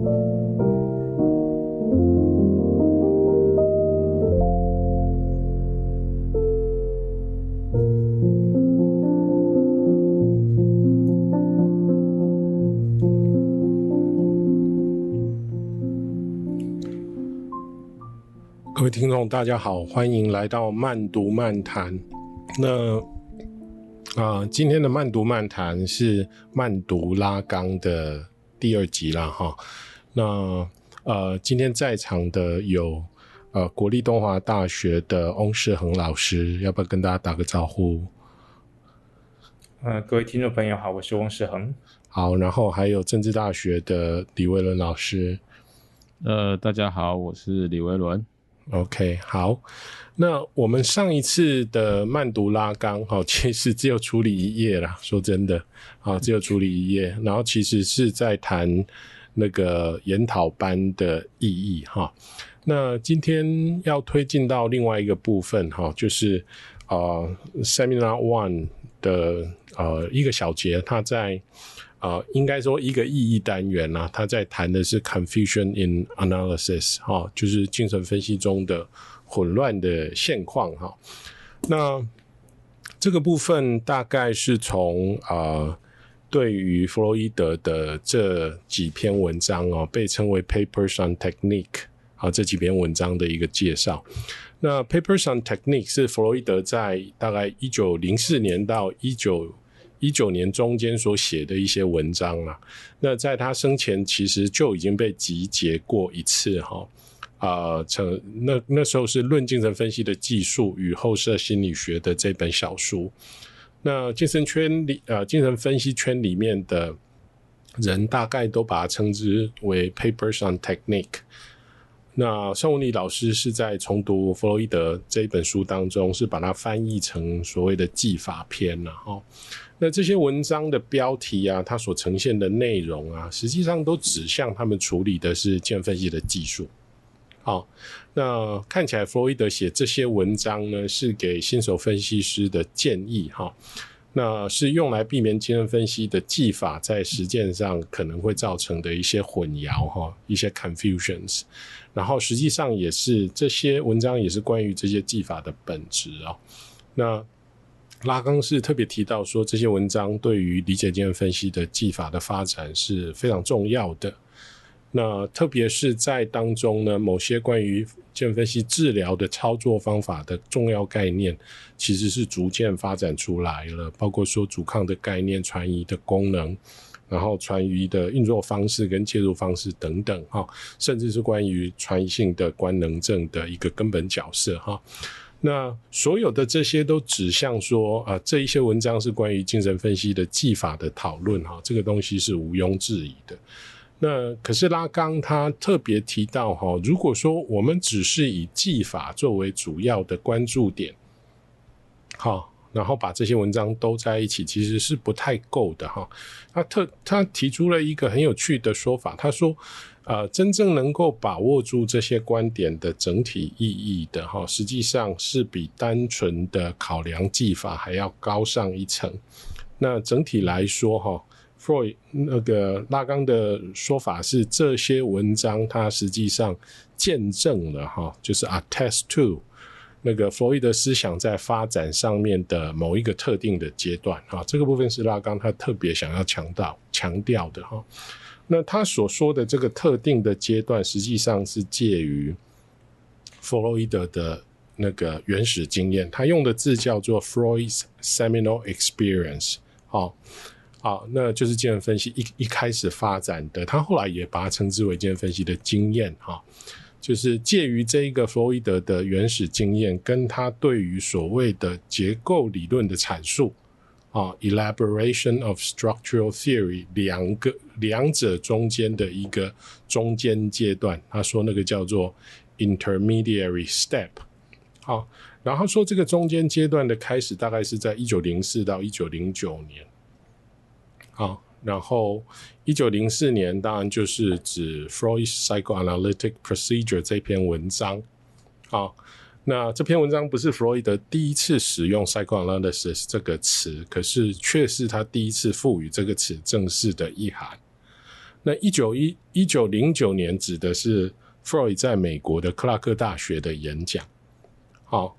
各位聽眾，大家好，歡迎來到慢讀漫談。那啊，今天的慢讀漫談是慢讀拉岡的第二集啦。哈。那呃，今天在場的有呃國立東華大學的翁士恆老師，要不要跟大家打個招呼？呃各位聽眾朋友好，我是翁士恆。好，然後還有政治大學的李維倫老師。呃，大家好，我是李維倫。OK，好。那我們上一次的慢讀拉岡好、喔、其實只有處理一頁啦說真的啊、喔，只有處理一頁，嗯、然後其實是在談。那個研討班的意義哈，那今天要推進到另外一個部分哈，就是啊，呃，Seminar One 的呃一個小節，它在呃應該說一個意義單元啊，它在談的是 Confusion in Analysis 哈，就是精神分析中的混亂的現況哈。那這個部分大概是從啊，呃對於弗洛伊德的這幾篇文章哦，被稱為《Papers on Technique》啊，這幾篇文章的一個介紹。那《Papers on Technique》是弗洛伊德在大概一九零四年到一九一九年中間所寫的一些文章啊。那在他生前其實就已經被集結過一次哈、哦、啊、呃，成那那時候是《論精神分析的技術與後設心理學》的這本小書。那精神圈裡，呃，精神分析圈裡面的人，大概都把它稱之為 “papers on technique”。那宋文裡老師是在重讀弗洛伊德這一本書當中，是把它翻譯成所謂的“技法篇、啊”了、哦、哈。那這些文章的標題啊，它所呈現的內容啊，實際上都指向他們處理的是精神分析的技術。好、哦，那看起來弗洛伊德寫這些文章呢，是給新手分析師的建議哈、哦，那是用來避免精神分析的技法在實踐上可能會造成的一些混淆哈、哦，一些 confusions。然後實際上也是這些文章也是關於這些技法的本質啊、哦。那拉岡是特別提到說，這些文章對於理解精神分析的技法的發展是非常重要的。那特別是在當中呢，某些關於精神分析治療的操作方法的重要概念，其實是逐漸發展出來了。包括說阻抗的概念、傳移的功能，然後傳移的運作方式跟介入方式等等，哈、哦，甚至是關於傳移性的官能症的一個根本角色，哈、哦。那所有的這些都指向說，啊，這一些文章是關於精神分析的技法的討論，哈、哦，這個東西是毋庸置疑的。那可是拉岡他特別提到哈、哦，如果說我們只是以技法作為主要的關注點，好，然後把這些文章兜在一起，其實是不太夠的哈。他特他提出了一個很有趣的說法，他說，呃，真正能夠把握住這些觀點的整體意義的哈，實際上是比單純的考量技法還要高上一層。那整體來說哈、哦。Freud 那個拉岡的說法是，這些文章它實際上見證了哈，就是 attest to 那個弗洛伊德思想在發展上面的某一個特定的階段哈，這個部分是拉岡他特別想要強調、強調的哈。那他所說的這個特定的階段，實際上是介於弗洛伊德的那個原始經驗，他用的字叫做 Freud's seminal experience 哈。好，那就是精神分析一一開始發展的，他後來也把它稱之為精神分析的經驗。哈，就是介於這一個弗洛伊德的原始經驗，跟他對於所謂的結構理論的闡述，啊，elaboration of structural theory 兩個兩者中間的一個中間階段，他說那個叫做 intermediary step。好，然後說這個中間階段的開始，大概是在一九零四到一九零九年。啊，然後一九零四年，當然就是指 Freud's Psychoanalytic Procedure 這篇文章。啊，那這篇文章不是 Freud 的第一次使用 psychoanalysis 這個詞，可是卻是他第一次賦予這個詞正式的意涵。那一九一一九零九年指的是 Freud 在美國的克拉克大學的演講。好。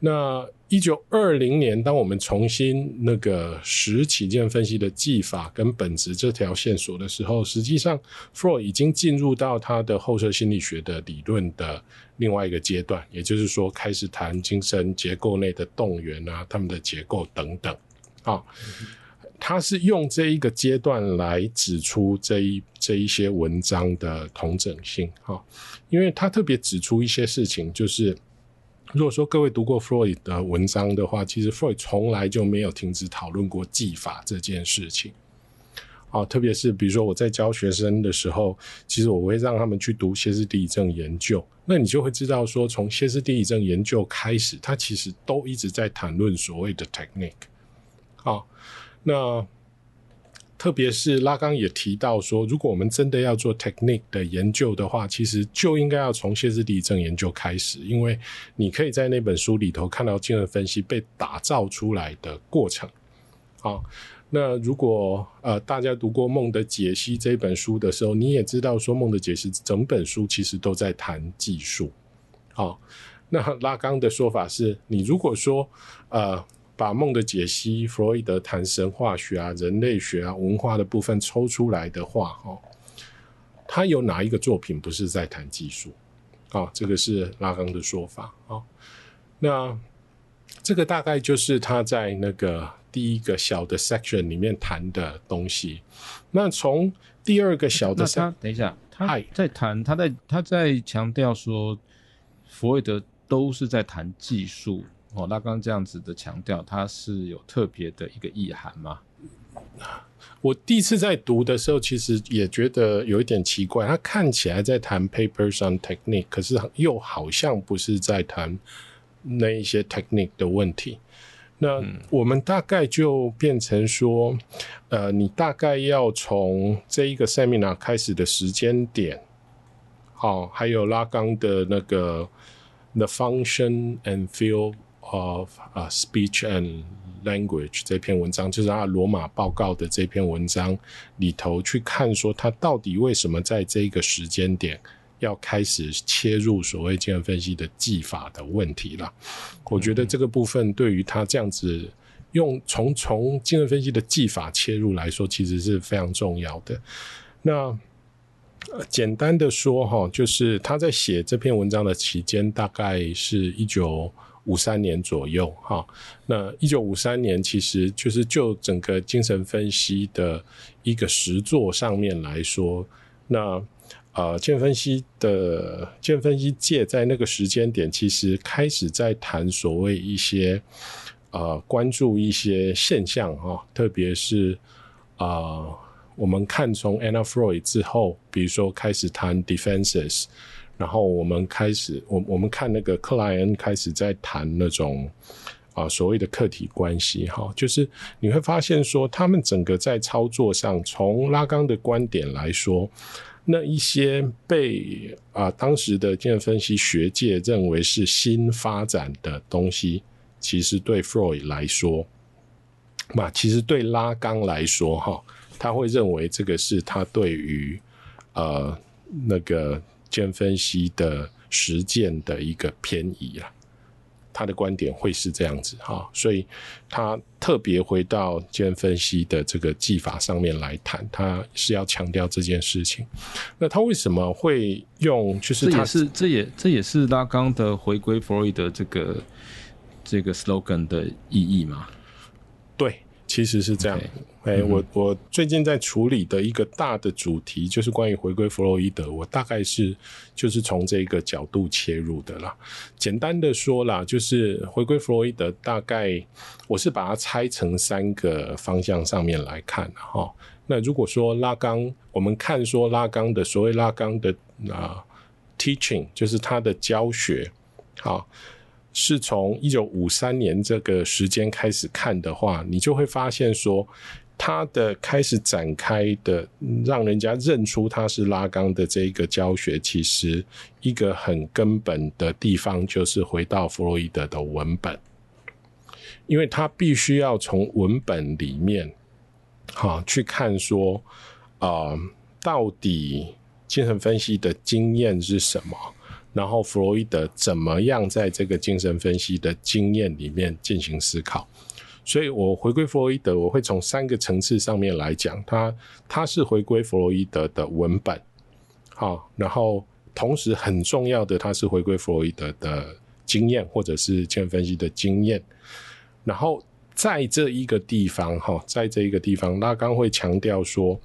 那一九二零年，當我們重新那個拾起精神分析的技法跟本質這條線索的時候，實際上 Freud 已經進入到他的後設心理學的理論的另外一個階段，也就是說，開始談精神結構內的動員啊，他們的結構等等。啊、哦，他是用這一個階段來指出這一這一些文章的統整性。哈、哦，因為他特別指出一些事情，就是。如果說各位讀過 Freud 的文章的話，其實 Freud 從來就沒有停止討論過技法這件事情。啊、哦，特別是比如說我在教學生的時候，其實我會讓他們去讀歇斯底里症研究，那你就會知道說，從歇斯底里症研究開始，他其實都一直在談論所謂的 technique。好、哦，那。特別是拉岡也提到說，如果我們真的要做 technique 的研究的話，其實就應該要從歇斯底里症研究開始，因為你可以在那本書裡頭看到精神分析被打造出來的過程。好，那如果呃大家讀過《夢的解析》這本書的時候，你也知道說《夢的解析》整本書其實都在談技術。好，那拉岡的說法是，你如果說呃。把夢的解析，弗洛伊德談神話學啊、人類學啊、文化的部分抽出來的話，哦，他有哪一個作品不是在談技術？哦，這個是拉岡的說法哦，那這個大概就是他在那個第一個小的 section 裡面談的東西。那從第二個小的 section，等一下，他在談、哎、他在他在強調說，弗洛伊德都是在談技術。哦，拉岡這樣子的強調，它是有特別的一個意涵嗎？我第一次在讀的時候，其實也覺得有一點奇怪。它看起來在談 papers on technique，可是又好像不是在談那一些 technique 的問題。那我們大概就變成說，嗯、呃，你大概要從這一個 seminar 開始的時間點，好、哦，還有拉岡的那個 the function and field，of speech and language 這篇文章就是他羅馬報告的這篇文章裡頭去看，說他到底為什麼在這個時間點要開始切入所謂精神分析的技法的問題了。嗯、我覺得這個部分對於他這樣子用從從精神分析的技法切入來說，其實是非常重要的。那簡單的說哈，就是他在寫這篇文章的期間，大概是一九五三年左右，哈，那一九五三年，其實就是就整個精神分析的一個實作上面來說，那啊，呃，精神分析的精神分析界在那個時間點，其實開始在談所謂一些呃關注一些現象，哈，特別是啊、呃，我們看從 Anna Freud 之後，比如說開始談 defenses。然後我們開始，我我們看那個克萊恩開始在談那種啊所謂的客體關係哈、哦，就是你會發現說，他們整個在操作上，從拉岡的觀點來說，那一些被啊當時的精神分析學界認為是新發展的東西，其實對 Freud 來說，那其實對拉岡來說哈、哦，他會認為這個是他對於呃那個。精神分析的實踐的一個偏移了，啊，他的觀點會是這樣子哈，所以他特別回到精神分析的這個技法上面來談，他是要強調這件事情。那他為什麼會用？就是他這也是這也這也是拉岡的回歸佛洛伊德這個這個 slogan 的意義嗎？其實是這樣，欸，我我最近在處理的一個大的主題就是關於回歸佛洛伊德，我大概是就是從這個角度切入的啦。簡單的說啦，就是回歸佛洛伊德，大概我是把它拆成三個方向上面來看哈。那如果說拉岡，我們看說拉岡的所謂拉岡的啊、呃、teaching，就是它的教學，是從一九五三年這個時間開始看的話，你就會發現說，他的開始展開的，讓人家認出他是拉岡的這個教學，其實一個很根本的地方就是回到弗洛伊德的文本，因為他必須要從文本裡面，好、啊、去看說，啊、呃，到底精神分析的經驗是什麼？然後弗洛伊德怎麼樣在這個精神分析的經驗裡面進行思考？所以我回歸弗洛伊德，我會從三個層次上面來講，它、它是回歸弗洛伊德的文本，好，然後同時很重要的，它是回歸弗洛伊德的經驗或者是精神分析的經驗。然後在這一個地方，哈，在這一個地方，拉岡會強調說，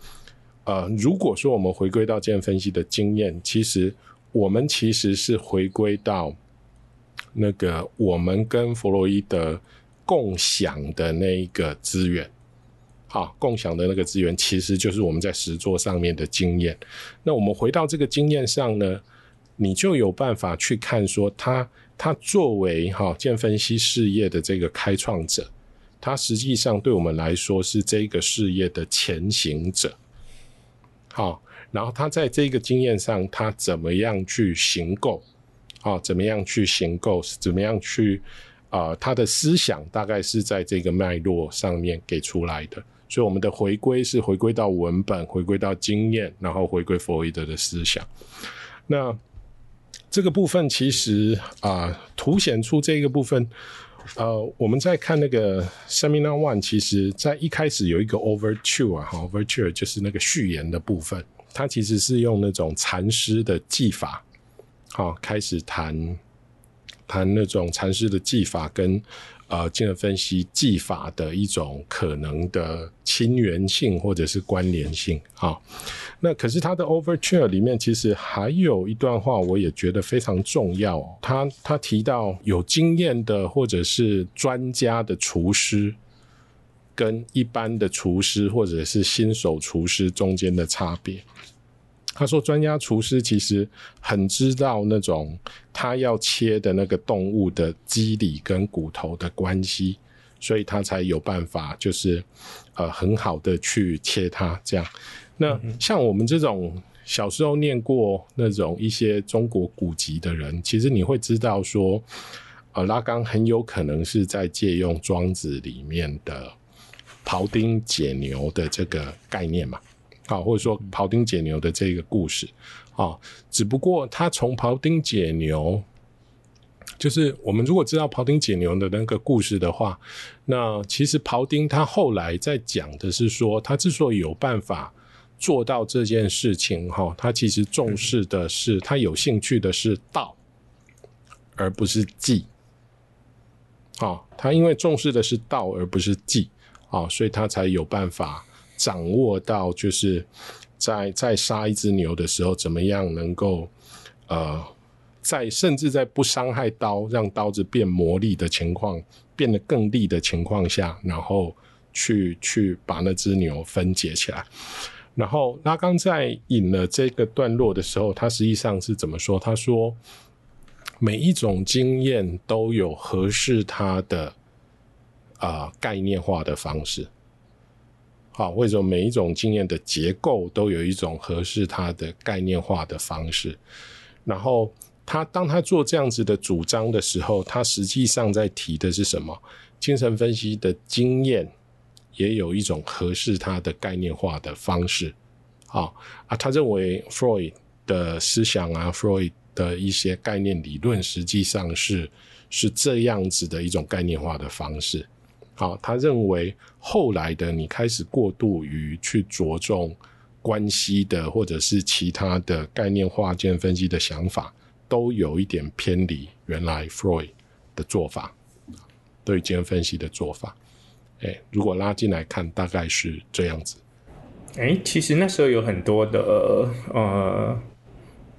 呃，如果說我們回歸到精神分析的經驗，其實。我們其實是回歸到那個我們跟佛洛伊德共享的那一個資源，好，共享的那個資源其實就是我們在實作上面的經驗。那我們回到這個經驗上呢，你就有辦法去看說他，他他作為哈、哦、精神分析事業的這個開創者，他實際上對我們來說是這個事業的前行者，好。然後他在這個經驗上，他怎麼樣去行構？啊，怎麼樣去行構？怎麼樣去啊、呃？他的思想大概是在這個脈絡上面給出來的。所以我們的回歸是回歸到文本，回歸到經驗，然後回歸佛洛伊德的思想。那這個部分其實啊、呃，凸顯出這個部分。呃，我們在看那個 Seminar One，其實在一開始有一個 Overture，哈，Overture 就是那個序言的部分。他其實是用那種禪師的技法，好、哦、開始談，談那種禪師的技法跟呃精神分析技法的一種可能的親緣性或者是關聯性啊、哦。那可是他的 Overture 裡面其實還有一段話，我也覺得非常重要。他他提到有經驗的或者是專家的廚師，跟一般的廚師或者是新手廚師中間的差別。他說：“專家廚師其實很知道那種他要切的那個動物的肌理跟骨頭的關係，所以他才有辦法就是呃很好的去切它。這樣，那像我們這種小時候念過那種一些中國古籍的人，其實你會知道說，呃，拉岡很有可能是在借用《莊子》裡面的庖丁解牛的這個概念嘛。”好，或者說庖丁解牛的這個故事啊、哦，只不過他從庖丁解牛，就是我們如果知道庖丁解牛的那個故事的話，那其實庖丁他後來在講的是說，他之所以有辦法做到這件事情哈、哦，他其實重視的是他有興趣的是道，而不是技。啊，他因為重視的是道而不是技啊，所以他才有辦法。掌握到，就是在在殺一隻牛的時候，怎麼樣能夠呃，在甚至在不傷害刀，讓刀子變磨礪的情況，變得更利的情況下，然後去去把那隻牛分解起來。然後他剛在引了這個段落的時候，他實際上是怎麼說？他說，每一種經驗都有合適他的啊、呃、概念化的方式。好、哦，為什麼每一種經驗的結構都有一種合適它的概念化的方式？然後他當他做這樣子的主張的時候，他實際上在提的是什麼？精神分析的經驗也有一種合適它的概念化的方式。好、哦、啊，他認為 Freud 的思想啊，Freud 的一些概念理論實際上是是這樣子的一種概念化的方式。好，他認為後來的你開始過度於去着重關係的，或者是其他的概念化精神分析的想法，都有一點偏離原來 Freud 的做法，對精神分析的做法誒。如果拉近來看，大概是這樣子。誒其實那時候有很多的呃，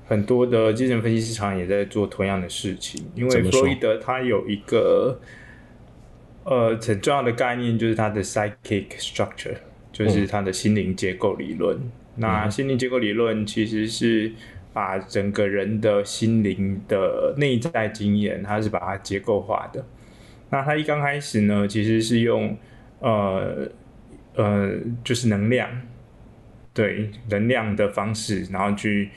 很多的精神分析市場也在做同樣的事情，因為弗洛伊德他有一個。呃，很重要的概念就是它的 psychic structure，就是他的心靈結構理論。嗯。那心靈結構理論其實是把整個人的心靈的內在經驗，它是把它結構化的。那它一剛開始呢，其實是用呃呃，就是能量，對能量的方式，然後去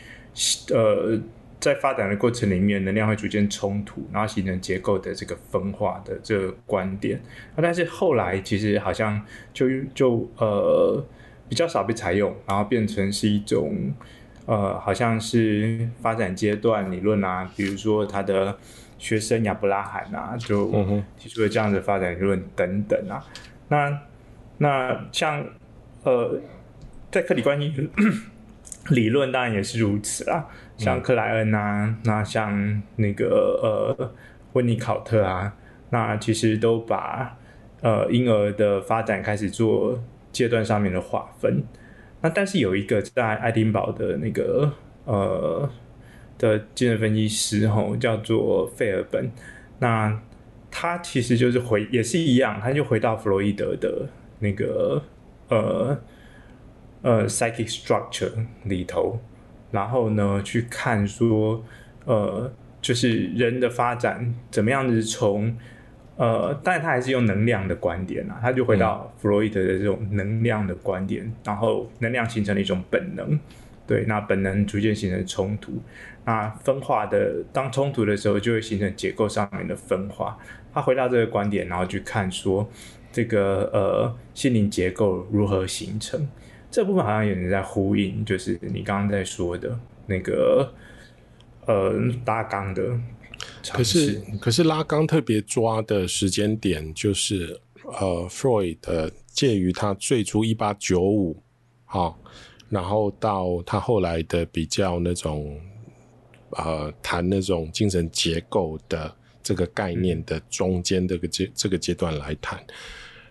呃。在發展的過程裡面，能量會逐漸衝突，然後形成結構的這個分化的這個觀點、啊、但是後來其實好像就就呃比較少被採用，然後變成是一種呃好像是發展階段理論啊。比如說他的學生亞伯拉罕啊，就提出了這樣的發展理論等等啊。嗯、哼那那像呃在客體關係理論 當然也是如此啊。像克萊恩啊，那像那個呃溫尼考特啊，那其實都把呃嬰兒的發展開始做階段上面的劃分。那但是有一個在愛丁堡的那個呃的精神分析師吼，叫做費爾本，那他其實就是回也是一樣，他就回到弗洛伊德的那個呃呃 psychic structure 裡頭。然後呢，去看說，呃，就是人的發展怎麼樣子從，呃，但他還是用能量的觀點啊，他就回到弗洛伊德的這種能量的觀點，嗯、然後能量形成了一種本能，對，那本能逐漸形成衝突，那分化的當衝突的時候，就會形成結構上面的分化，他回到這個觀點，然後去看說這個呃心靈結構如何形成。這部分好像有人在呼應，就是你剛剛在說的那個呃拉岡的，可是可是拉岡特別抓的時間點就是呃 Freud 的介於他最初一八九五然後到他後來的比較那種呃談那種精神結構的這個概念，的中間的這個、嗯、這個階段來談。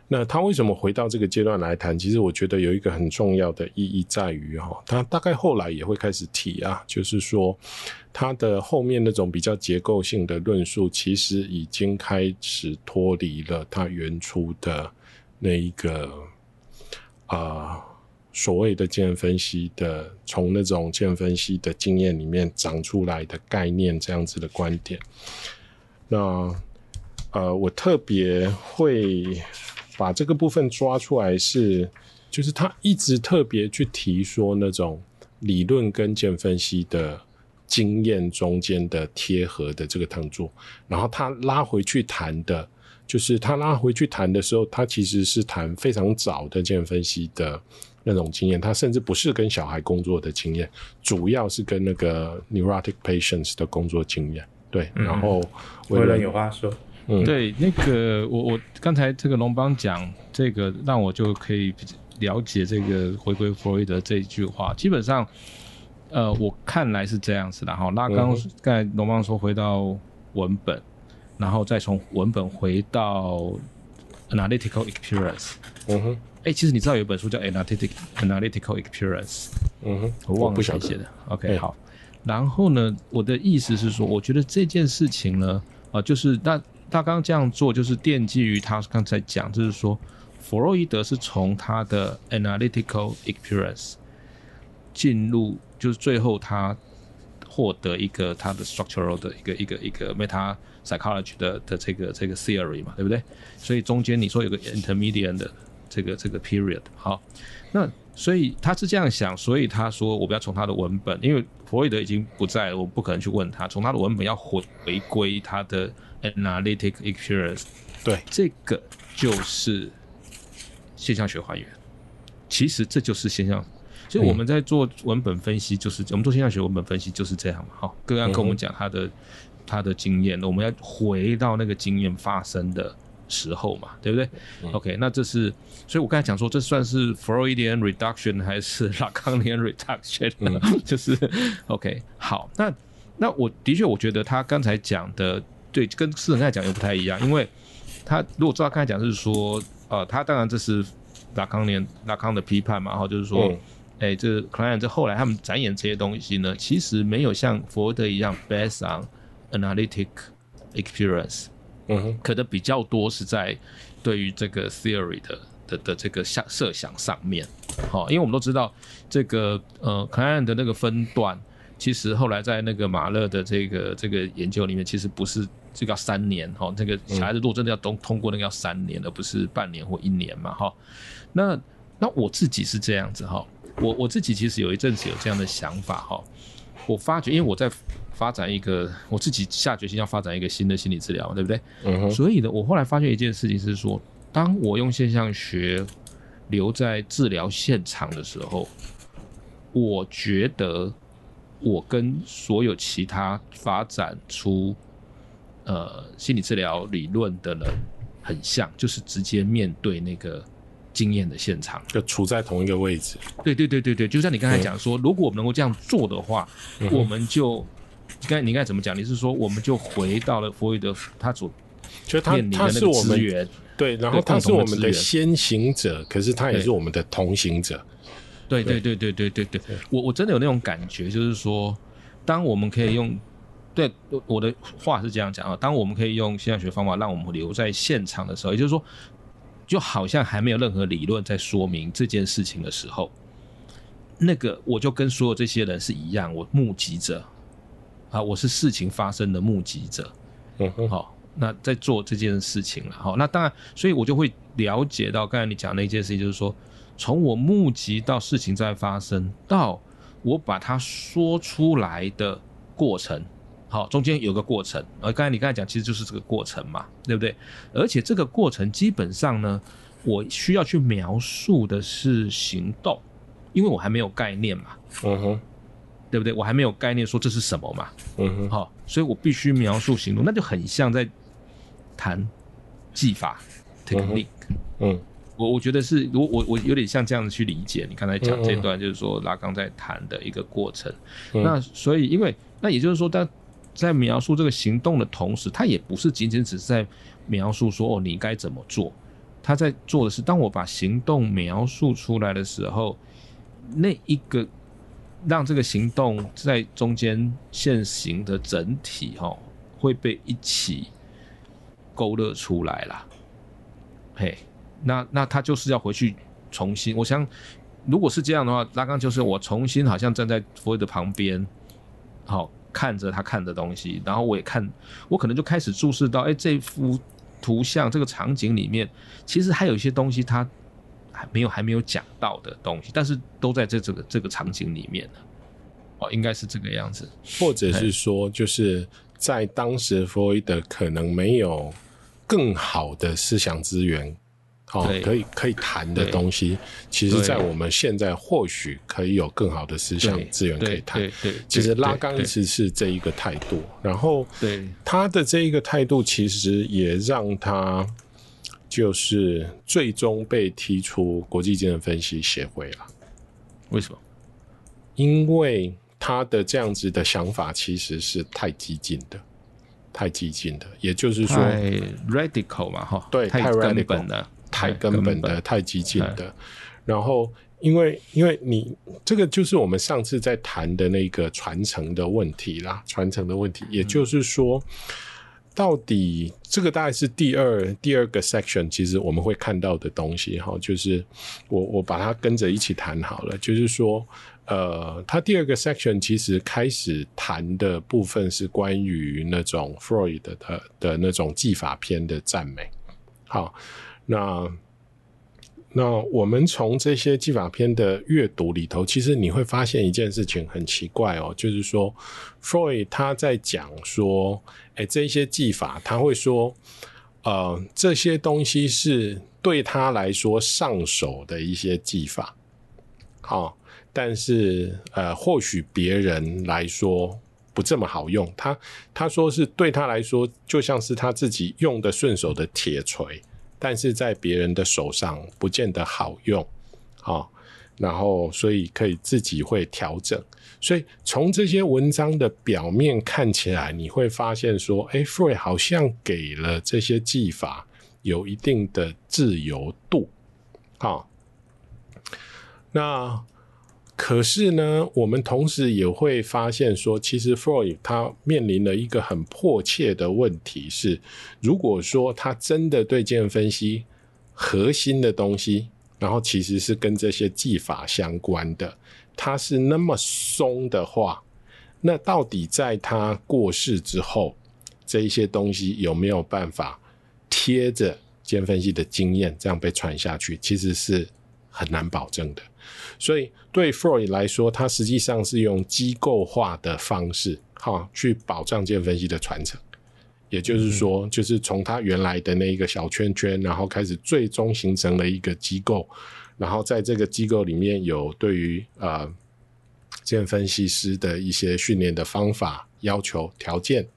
那他為什麼回到這個階段來談？其實我覺得有一個很重要的意義在於，哈，他大概後來也會開始提啊，就是說他的後面那種比較結構性的論述，其實已經開始脫離了他原初的那一個啊、呃、所謂的精神分析的，從那種精神分析的經驗裡面長出來的概念這樣子的觀點。那呃，我特別會。把這個部分抓出來是，就是他一直特別去提說那種理論跟建分析的經驗中間的貼合的這個講座，然後他拉回去談的，就是他拉回去談的時候，他其實是談非常早的建分析的那種經驗，他甚至不是跟小孩工作的經驗，主要是跟那個 neurotic patients 的工作經驗。對，然後，有、嗯、人有話說。嗯，對，那個我我剛才這個榮邦講這個，讓我就可以了解這個回歸佛洛伊德這一句話，基本上，呃，我看來是這樣子的哈。那剛剛剛才榮邦說回到文本，然後再從文本回到 analytical experience。嗯哼，哎、欸，其實你知道有一本書叫 analytical analytical experience。嗯哼，我忘了誰寫的。OK，、欸、好。然後呢，我的意思是說，我覺得這件事情呢，啊、呃，就是那。他剛剛這樣做，就是奠基於他剛才講，就是說，佛洛伊德是從他的 analytical experience 進入，就是最後他獲得一個他的 structural 的一個一個一個 meta psychology 的的這個這個 theory 嘛，對不對？所以中間你說有個 intermediate 的這個這個 period，好，那所以他是這樣想，所以他說，我不要從他的文本，因為佛洛伊德已經不在，我不可能去問他，從他的文本要回回歸他的。Analytic experience，對，這個就是現象學還原。其實這就是現象，所以我們在做文本分析，就是、嗯、我們做現象學文本分析就是這樣嘛。好，個人跟我們講他的、嗯、哼他的經驗，那我們要回到那個經驗發生的時候嘛，對不對、嗯、？OK，那這是，所以我剛才講說，這算是 Freudian reduction 還是 Lacanian reduction？呢、嗯？ 就是 OK，好，那那我的確，我覺得他剛才講的。對，跟士恆來講又不太一樣，因為他如果照他剛才講是說，呃，他當然這是拉康年拉康的批判嘛，然後就是說，哎、嗯欸，這克萊恩這後來他們展演這些東西呢，其實沒有像佛德一樣 based on analytic experience，嗯哼，可能比較多是在對於這個 theory 的的的這個想設想上面，好、哦，因為我們都知道這個呃克萊恩的那個分段，其實後來在那個馬勒的這個這個研究裡面，其實不是。這個要三年哈，這、那個小孩子如果真的要通通過，那個要三年，嗯、而不是半年或一年嘛哈。那那我自己是這樣子哈，我我自己其實有一陣子有這樣的想法哈。我發覺，因為我在發展一個，我自己下決心要發展一個新的心理治療，對不對？嗯哼。所以呢，我後來發覺一件事情是說，當我用現象學留在治療現場的時候，我覺得我跟所有其他發展出呃，心理治療理論的人很像，就是直接面對那個經驗的現場，就處在同一個位置。對對對對對，就像你剛才講說，嗯、如果我們能夠這樣做的話，嗯、哼我們就剛你應該怎麼講？你是說我們就回到了佛洛伊德他所他他的那個資源？對，然後他是我們的先行者，可是他也是我們的同行者。對對對對對對對，對我我真的有那種感覺，就是說，當我們可以用、嗯。對，我的話是這樣講啊。當我們可以用現象學方法讓我們留在現場的時候，也就是說，就好像還沒有任何理論在說明這件事情的時候，那個我就跟所有這些人是一樣，我目擊者啊，我是事情發生的目擊者。嗯哼，好、哦，那在做這件事情了。好、哦，那當然，所以我就會了解到剛才你講那件事情，就是說，從我目擊到事情在發生，到我把它說出來的過程。好，中間有個過程，而剛才你剛才講，其實就是這個過程嘛，對不對？而且這個過程基本上呢，我需要去描述的是行動，因為我還沒有概念嘛，嗯哼，對不對？我還沒有概念說這是什麼嘛，嗯哼，好、嗯，所以我必須描述行動，那就很像在談技法、嗯哼，technique，嗯，我我覺得是，我我我有點像這樣子去理解你剛才講這段，就是說拉岡在談的一個過程，嗯哼，那所以因為那也就是說，在描述這個行動的同時，他也不是僅僅只是在描述說“哦，你該怎麼做”。他在做的是，當我把行動描述出來的時候，那一個讓這個行動在中間現行的整體、哦，哈，會被一起勾勒出來了。嘿，那那他就是要回去重新。我想，如果是這樣的話，拉岡就是我重新好像站在佛的旁邊，好、哦。看着他看的東西，然後我也看，我可能就開始注視到，哎，這幅圖像、這個場景裡面，其實還有一些東西，他還沒有還沒有講到的東西，但是都在這這個這個場景裡面，哦，應該是這個樣子，或者是說，對就是在當時佛洛伊德可能沒有更好的思想資源。好，oh, 對可以可以談的東西，對其實，在我們現在或許可以有更好的思想資源可以談。對對，對對對，其實拉岡一直是這一個態度，對對對，然後對他的這一個態度其實也讓他就是最終被踢出國際精神分析協會了。為什麼？因為他的這樣子的想法其實是太激進的，太激進的，也就是說，太 radical 嘛，哈，對，太根本了。太根本的，本太激進的。Okay. 然後因，因為因為你這個就是我們上次在談的那個傳承的問題啦，傳承的問題，嗯。也就是說，到底這個大概是第二第二個 section，其實我們會看到的東西哈，就是我我把它跟着一起談好了。就是說，呃，它第二個 section 其實開始談的部分是關於那種 Freud 的的那種技法篇的讚美，好。那那我們從這些技法篇的閱讀裡頭，其實你會發現一件事情很奇怪哦，就是說，Freud 他在講說，哎，這些技法他會說，呃，這些東西是對他來說上手的一些技法，好、哦，但是呃，或許別人來說不這麼好用。他他說是對他來說，就像是他自己用的順手的鐵錘。但是在別人的手上不見得好用，啊、哦，然後所以可以自己會調整，所以從這些文章的表面看起來，你會發現說，哎、欸，Freud 好像給了這些技法有一定的自由度，啊、哦，那。可是呢，我們同時也會發現說，其實 Freud 他面臨了一個很迫切的問題是：如果說他真的對精神分析核心的東西，然後其實是跟這些技法相關的，他是那麼鬆的話，那到底在他過世之後，這一些東西有沒有辦法貼着精神分析的經驗，這樣被傳下去？其實是。很難保證的，所以對佛洛伊德來說，他實際上是用機構化的方式哈去保障精神分析的傳承。也就是說，嗯、就是從他原來的那一個小圈圈，然後開始最終形成了一個機構，然後在這個機構裡面有對於呃精神分析師的一些訓練的方法、要求、條件。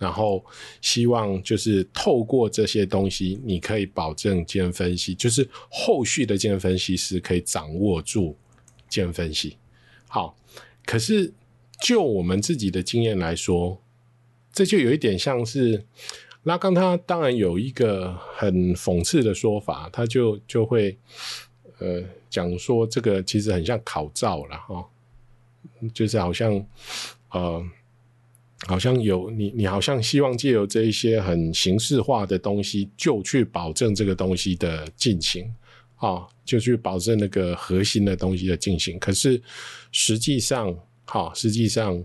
然後希望就是透過這些東西，你可以保證建分析，就是後續的建分析師可以掌握住建分析。好，可是就我們自己的經驗來說，這就有一點像是拉岡他當然有一個很諷刺的說法，他就就會呃講說這個其實很像考照了哈、哦，就是好像呃。好像有你，你好像希望借由這一些很形式化的東西，就去保證這個東西的進行，啊、哦，就去保證那個核心的東西的進行。可是實際上，哈、哦，實際上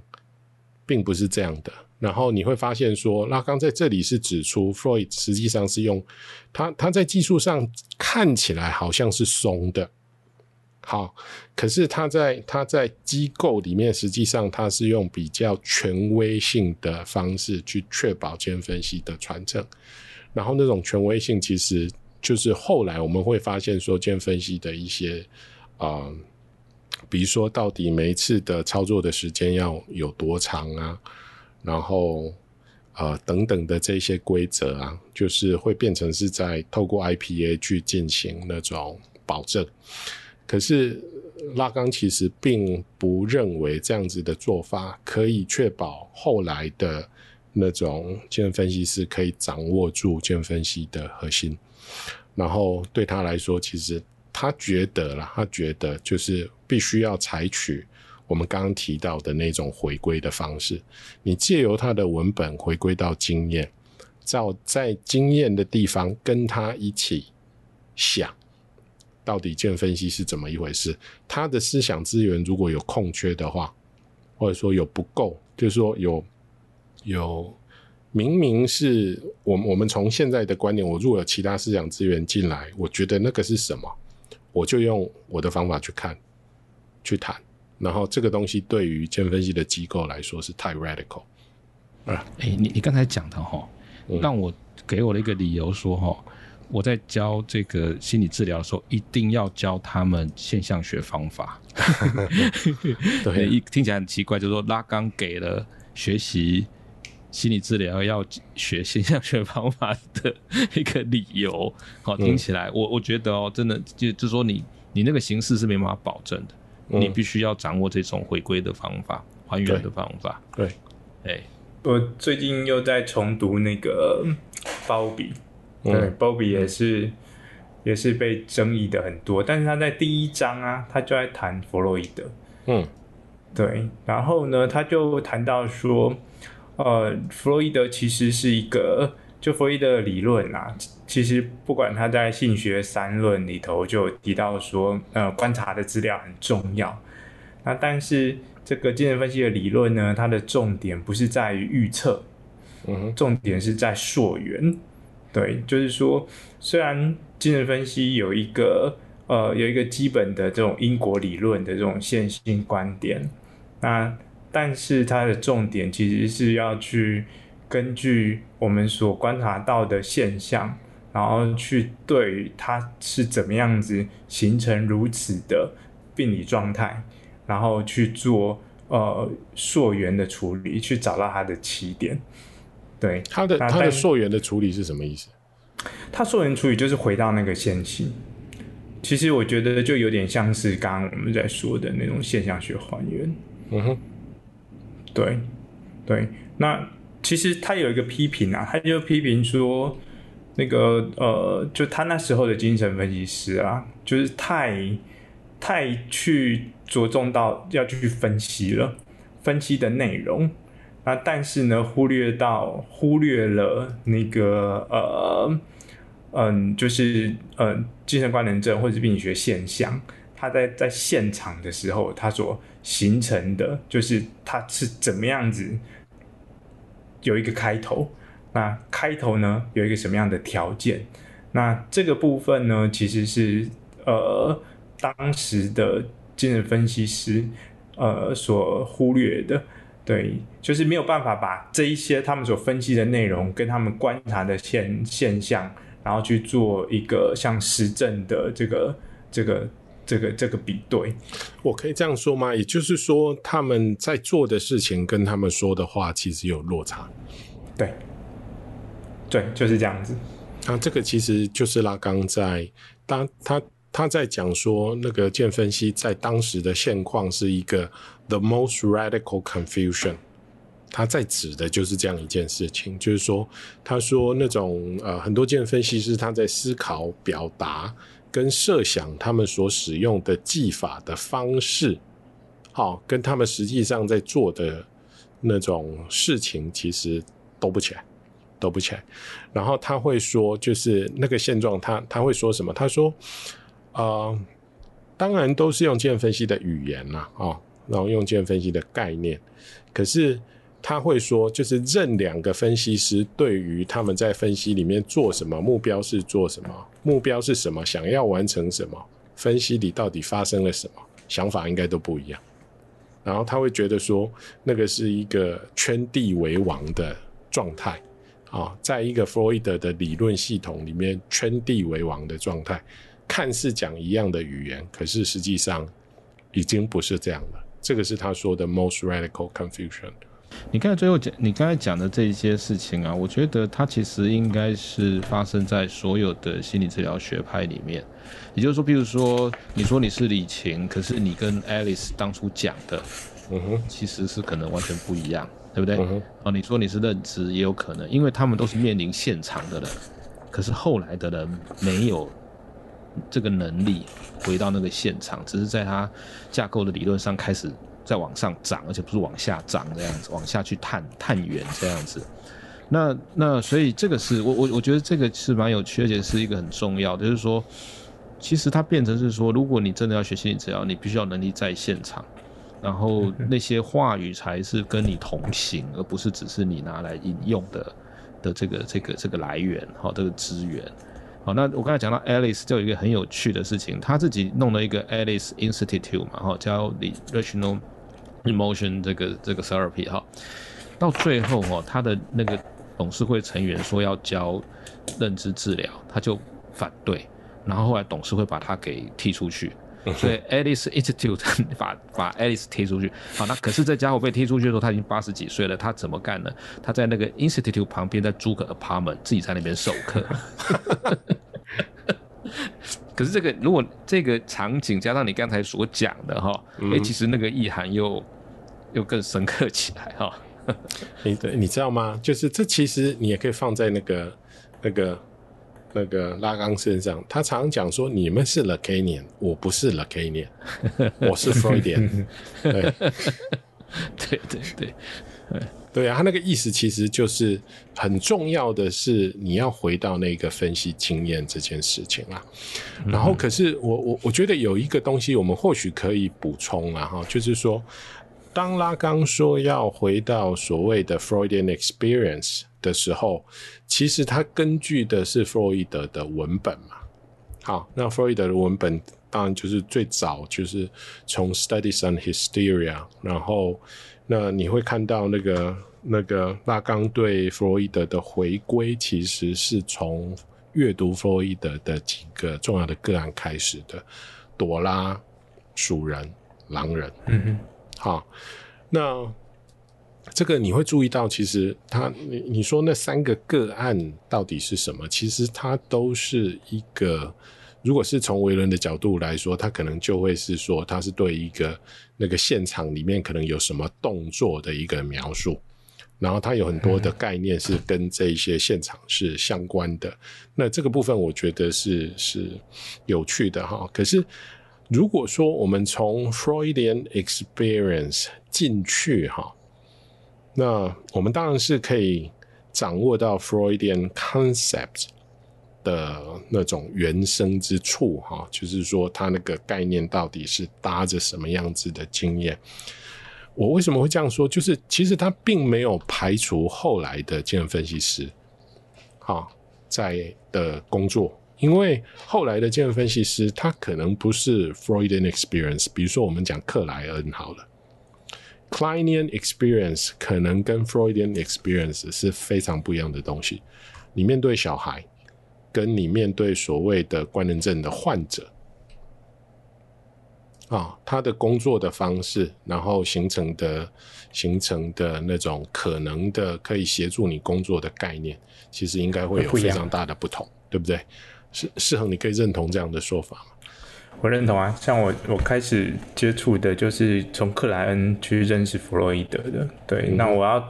並不是這樣的。然後你會發現說，那剛在這裡是指出，Freud 實際上是用他，他在技術上看起來好像是鬆的。好，可是他在他在機構裡面，實際上他是用比較權威性的方式去確保精神分析的傳承。然後那種權威性，其實就是後來我們會發現說，精神分析的一些啊、呃，比如說到底每一次的操作的時間要有多長啊，然後、呃、等等的這些規則啊，就是會變成是在透過 IPA 去進行那種保證。可是拉岡其實並不認為這樣子的做法可以確保後來的那種精神分析師可以掌握住精神分析的核心。然後對他來說，其實他覺得啦，他覺得就是必須要採取我們剛剛提到的那種回歸的方式。你借由他的文本回歸到經驗，照，在經驗的地方跟他一起想。到底精神分析是怎麼一回事？他的思想資源如果有空缺的話，或者說有不夠，就是說有有明明是我們我們從現在的觀點，我如果有其他思想資源進來，我覺得那個是什麼，我就用我的方法去看去談。然後這個東西對於精神分析的機構來說是太 radical 啊！誒，你你剛才講的吼，但我給我的一個理由說吼。我在教這個心理治療的時候，一定要教他們現象學方法。 對、啊，一聽起來很奇怪，就是說拉岡給了學習心理治療要學現象學方法的一個理由。好，聽起來、嗯、我我覺得哦、喔，真的就就是說你你那個形式是沒辦法保證的，嗯、你必須要掌握這種回歸的方法、還原的方法。對，對對我最近又在重讀那個鮑比。對，嗯，Bobby 也是，嗯，也是被爭議的很多，但是他在第一章啊，他就在談弗洛伊德，嗯，對，然後呢，他就談到說，呃，弗洛伊德其實是一個，就弗洛伊德的理論啊，其實不管他在性學三論裡頭就提到說，呃，觀察的資料很重要，那但是這個精神分析的理論呢，它的重點不是在於預測，嗯哼，重點是在溯源。對，就是說，雖然精神分析有一個呃，有一個基本的這種因果理論的這種線性觀點，那但是它的重點其實是要去根據我們所觀察到的現象，然後去對它是怎麼樣子形成如此的病理狀態，然後去做呃，溯源的處理，去找到它的起點。對，他的但他的溯源的處理是什麼意思？他溯源處理就是回到那個先期。其實我覺得就有點像是剛剛我們在說的那種現象學還原。嗯哼，對對。那其實他有一個批評啊，他就批評說，那個呃，就他那時候的精神分析師啊，就是太太去着重到要去分析了，分析的內容。那但是呢，忽略到忽略了那個呃，嗯、呃，就是呃，精神官能症或者病理學現象，它在在現場的時候，它所形成的就是它是怎麼樣子，有一個開頭。那開頭呢，有一個什麼樣的條件？那這個部分呢，其實是呃，當時的精神分析師呃所忽略的。對，就是沒有辦法把這一些他們所分析的內容跟他們觀察的現現象，然後去做一個像實證的這個這個這個這個比對。我可以這樣說嗎？也就是說，他們在做的事情跟他們說的話其實有落差。對，對，就是這樣子。那、啊、這個其實就是拉岡在他他。他他在講說，那個建分析在當時的現況是一個 the most radical confusion。他在指的就是這樣一件事情，就是說，他說那種呃，很多建分析師他在思考、表達跟設想他們所使用的技法的方式，好、哦，跟他們實際上在做的那種事情，其實兜不起來，兜不起來。然後他會說，就是那個現狀他，他他會說什麼？他說。呃，當然都是用精神分析的語言啦，啊，然後，哦，用精神分析的概念，可是他會說，就是任兩個分析師對於他們在分析裡面做什麼，目標是做什麼，目標是什麼，想要完成什麼，分析裡到底發生了什麼，想法應該都不一樣，然後他會覺得說，那個是一個圈地為王的狀態，啊、哦，在一個弗洛伊德的理論系統裡面，圈地為王的狀態。看似講一樣的語言，可是實際上已經不是這樣了。這個是他說的 most radical confusion。你剛才最後講，你剛才講的這些事情啊，我覺得它其實應該是發生在所有的心理治療學派裡面。也就是說，比如說你說你是理情，可是你跟 Alice 當初講的，嗯哼，其實是可能完全不一樣，對不對？哦、嗯哼啊，你說你是認知也有可能，因為他們都是面臨現場的人，可是後來的人沒有。這個能力回到那個現場，只是在它架構的理論上開始在往上漲，而且不是往下漲。這樣子，往下去探探源，這樣子。那那所以這個是我我我覺得這個是蠻有趣，而且是一個很重要的，就是說其實它變成是說，如果你真的要學心理治療，你，你必須要能力在現場，然後那些話語才是跟你同行，而不是只是你拿來引用的的這個這個這個來源，好，這個資源。好，那我剛才講到 Alice 就有一個很有趣的事情，他自己弄了一個 Alice Institute 嘛，哈，叫 Rational Emotion 這個這個 therapy 哈，到最後哦，他的那個董事會成員說要教認知治療，他就反對，然後後來董事會把他給踢出去。所以 Alice Institute 把把 Alice 踢出去，好，那可是這家伙被踢出去的時候，他已經八十幾歲了，他怎麼幹呢？他在那個 Institute 旁邊再租個 apartment，自己在那邊授課。 可是這個如果這個場景加上你剛才所講的哈，誒，其實那個意涵又又更深刻起來哈。你、嗯、 對，你知道嗎？就是這其實你也可以放在那個那個。那個拉岡身上，他常常講說：“你們是 Lacanian，我不是 Lacanian，我是 Freudian 對。” 對對對，對，對啊，他那個意思其實就是很重要的是，你要回到那個分析經驗這件事情啦、啊。嗯、然後，可是我我我覺得有一個東西，我們或許可以補充啊，哈，就是說。當拉岡說要回到所謂的 Freudian experience 的時候，其實他根據的是弗洛伊德的文本嘛。好，那弗洛伊德的文本當然就是最早就是從 Studies on Hysteria，然後那你會看到那個那個拉岡對弗洛伊德的回歸，其實是從閱讀弗洛伊德的幾個重要的個案開始的：朵拉、鼠人、狼人。嗯哼。好，那這個你會注意到，其實他你，你說那三個個案到底是什麼？其實它都是一個，如果是從維倫的角度來說，它可能就會是說，它是對一個那個現場裡面可能有什麼動作的一個描述，然後它有很多的概念是跟這一些現場是相關的。那這個部分我覺得是是有趣的哈，可是。如果說我們從 Freudian Experience 進去哈，那我們當然是可以掌握到 Freudian concept 的那種原生之處哈，就是說它那個概念，到底是搭着什麼樣子的經驗？我為什麼會這樣說？就是其實它並沒有排除後來的精神分析師，哈，在的工作。因為後來的精神分析師，他可能不是 Freudian experience。比如說，我們講克萊恩好了，Kleinian experience 可能跟 Freudian experience 是非常不一樣的東西。你面對小孩，跟你面對所謂的關聯症的患者，啊、哦，他的工作的方式，然後形成的形成的那種可能的可以協助你工作的概念，其實應該會有非常大的不同，對不對？是，士恆你可以認同這樣的說法嗎？我認同啊，像我，我開始接觸的就是從克萊恩去認識弗洛伊德的，對，嗯、哼那我要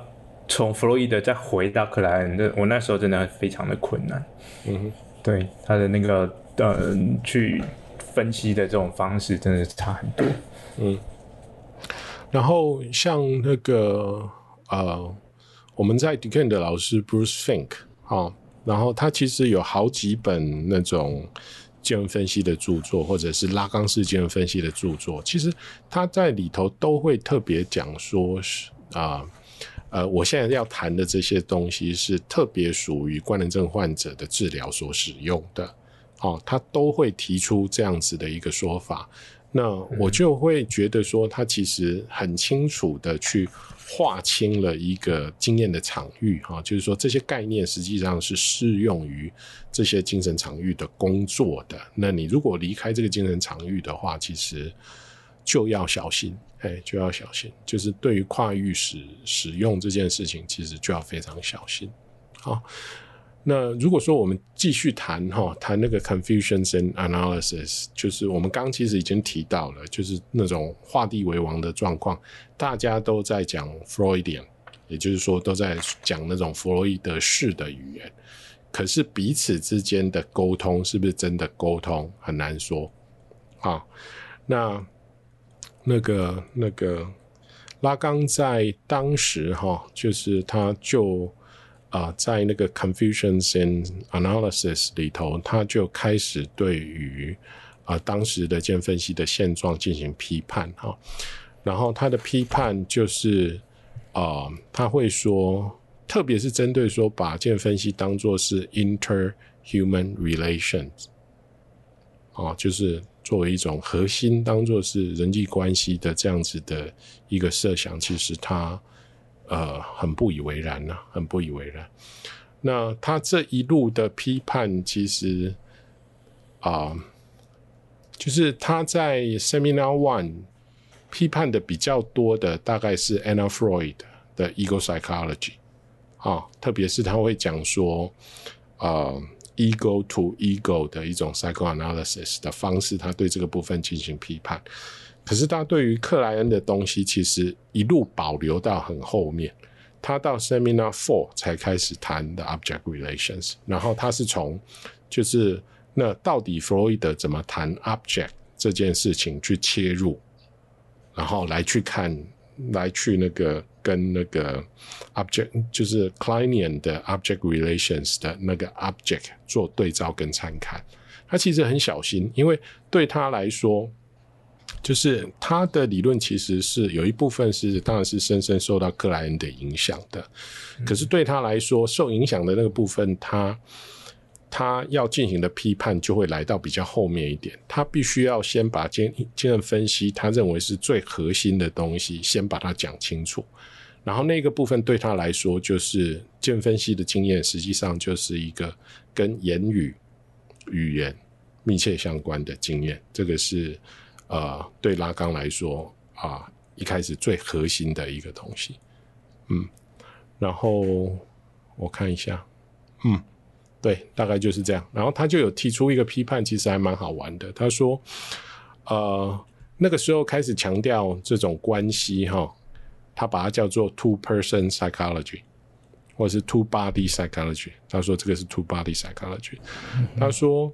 從弗洛伊德再回到克萊恩，那我那時候真的非常的困難，嗯，對，他的那個嗯、呃、去分析的這種方式真的差很多，嗯，然後像那個呃，我們在 Duquesne 的老師 Bruce Fink 啊、哦。然後他其實有好幾本那種精神分析的著作，或者是拉岡式精神分析的著作，其實他在裡頭都會特別講說，是、呃、啊，呃，我現在要談的這些東西是特別屬於官能症患者的治療所使用的，哦，他都會提出這樣子的一個說法。那我就會覺得說，他其實很清楚地去。劃清了一個經驗的場域哈，就是說這些概念實際上是適用於這些精神場域的工作的。那你如果離開這個精神場域的話，其實就要小心，哎、欸，就要小心，就是對於跨域使使用這件事情，其實就要非常小心，好。那如果說我們繼續談哈，談那個 confusion in analysis，就是我們剛其實已經提到了，就是那種畫地為王的狀況，大家都在講 Freudian，也就是說都在講那種弗洛伊德式的語言，可是彼此之間的溝通是不是真的溝通很難說啊？那那個那個拉剛在當時哈，就是他就。啊、呃，在那個 Confusions in Analysis 裡頭，他就開始對於啊、呃、當時的精神分析的現狀進行批判哈、哦。然後他的批判就是啊，他、呃、會說，特別是針對說把精神分析當做是 interhuman relations，啊、哦，就是作為一種核心當做是人際關係的這樣子的一個設想，其實他。呃，很不以為然呢、啊，很不以為然。那他這一路的批判，其實啊、呃，就是他在 Seminar One 批判的比較多的，大概是 Anna Freud 的 Ego Psychology 啊、呃，特別是他會講說，呃，Ego to Ego 的一種 Psychoanalysis 的方式，他對這個部分進行批判。可是他對於克萊恩的東西，其實一路保留到很後面。他到 Seminar Four 才開始談的 Object Relations。然後他是從就是那到底弗洛伊德怎麼談 Object 這件事情去切入，然後來去看，來去那個跟那個 Object 就是 Kleinian 的 Object Relations 的那個 Object 做對照跟參看。他其實很小心，因為對他來說。就是他的理論其實是有一部分是，當然是深深受到克萊恩的影響的。可是對他來說，受影響的那個部分，他他要進行的批判就會來到比較後面一點。他必須要先把精神分析他認為是最核心的東西先把它講清楚，然後那個部分對他來說，就是精神分析的經驗，實際上就是一個跟言語語言密切相關的經驗。這個是。呃，對拉岡來說啊、呃，一開始最核心的一個東西，嗯，然後我看一下，嗯，對，大概就是這樣。然後他就有提出一個批判，其實還蠻好玩的。他說，呃，那個時候開始強調這種關係哈、哦，他把它叫做 two person psychology，或是 two body psychology。他說這個是 two body psychology。嗯、哼他說。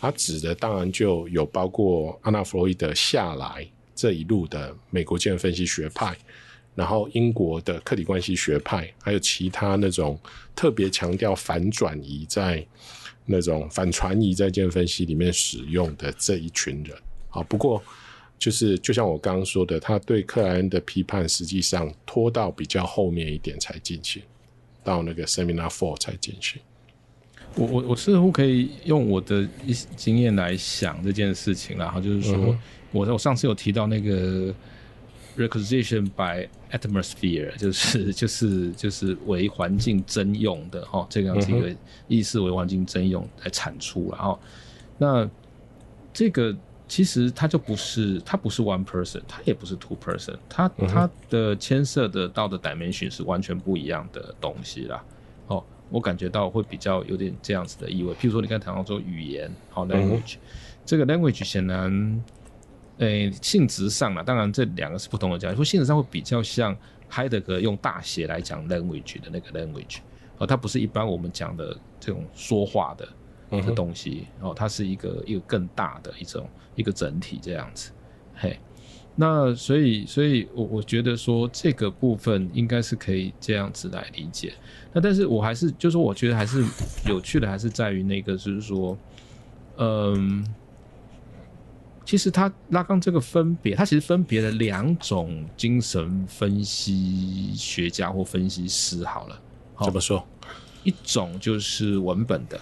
他指的當然就有包括安娜佛洛伊德下來這一路的美國精神分析學派，然後英國的客體關係學派，還有其他那種特別強調反轉移在那種反傳移在精神分析裡面使用的這一群人。好，不過就是就像我剛剛說的，他對克萊恩的批判實際上拖到比較後面一點才進行，到那個 Seminar Four 才進行。我我我似乎可以用我的一經驗來想這件事情，然後就是說，嗯、哼我我上次有提到那個 requisition by atmosphere，就是就是就是為環境徵用的哈、喔，這個樣子一個意思為環境徵用來產出，嗯、哼然後那這個其實它就不是它不是 one person，它也不是 two person，它它的牽涉得到的 dimension 是完全不一樣的東西啦。我感覺到會比較有點這樣子的意味，譬如說你剛才談到說語言，好 language、嗯、哼這個 language 顯然，誒、欸、性質上嘛，當然這兩個是不同的講，說性質上會比較像 Heidegger 用大寫來講 language 的那個 language，哦，它不是一般我們講的這種說話的一個東西、嗯、哼哦，它是一個一個更大的一種一個整體這樣子，嘿。那所以，所以，我我覺得說這個部分應該是可以這樣子來理解。那但是我還是就是說，我覺得還是有趣的，還是在於那個，就是說，嗯，其實他拉岡這個分別，他其實分別了兩種精神分析學家或分析師。好了，怎麼說？一種就是文本的，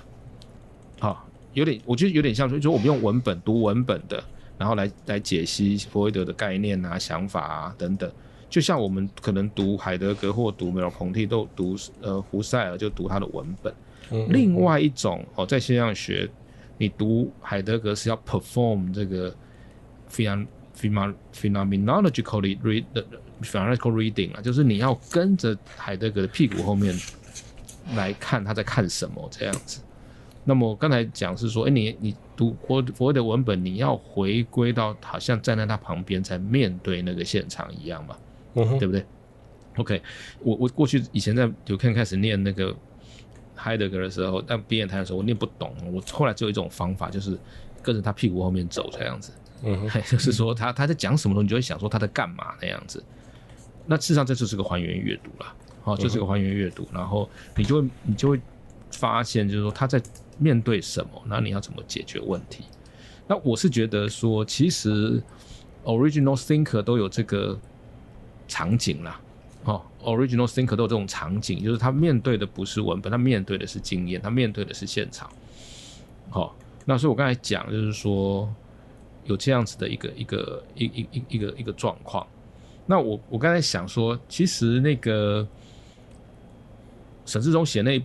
好，有點，我覺得有點像，就說我們用文本讀文本的。然後來來解析弗洛伊德的概念啊、想法啊等等，就像我們可能讀海德格或者讀梅洛龐蒂都讀呃胡塞爾，就讀他的文本。嗯嗯嗯，另外一種哦，在現象學，你讀海德格是要 perform 這個 phenomen phenomenological reading 啊，就是你要跟着海德格的屁股後面來看他在看什麼這樣子。那麼我剛才講是說，哎、欸，你你讀佛的文本，你要回歸到好像站在他旁邊才面對那個現場一樣嘛，嗯、哼對不對？OK，我我過去以前在有看開始念那個 Heidegger 的時候，在 B&T 的時候我念不懂，我後來就有一種方法，就是跟着他屁股後面走這樣子，嗯、哼 就是說他他在講什麼東西，你就會想說他在幹嘛那樣子。那事實上這就是個還原閱讀了，好、哦，這、就是個還原閱讀，嗯、哼然後你就會你就會發現就是說他在。面對什麼？那你要怎麼解決問題？那我是覺得說，其實 original thinker 都有這個場景啦，哦，original thinker 都有這種場景，就是他面對的不是文本，他面對的是經驗，他面對的是現場。哦，那所以我剛才講就是說，有這樣子的一個一個一一一一個一個狀況。那我我剛才想說，其實那個沈志中寫那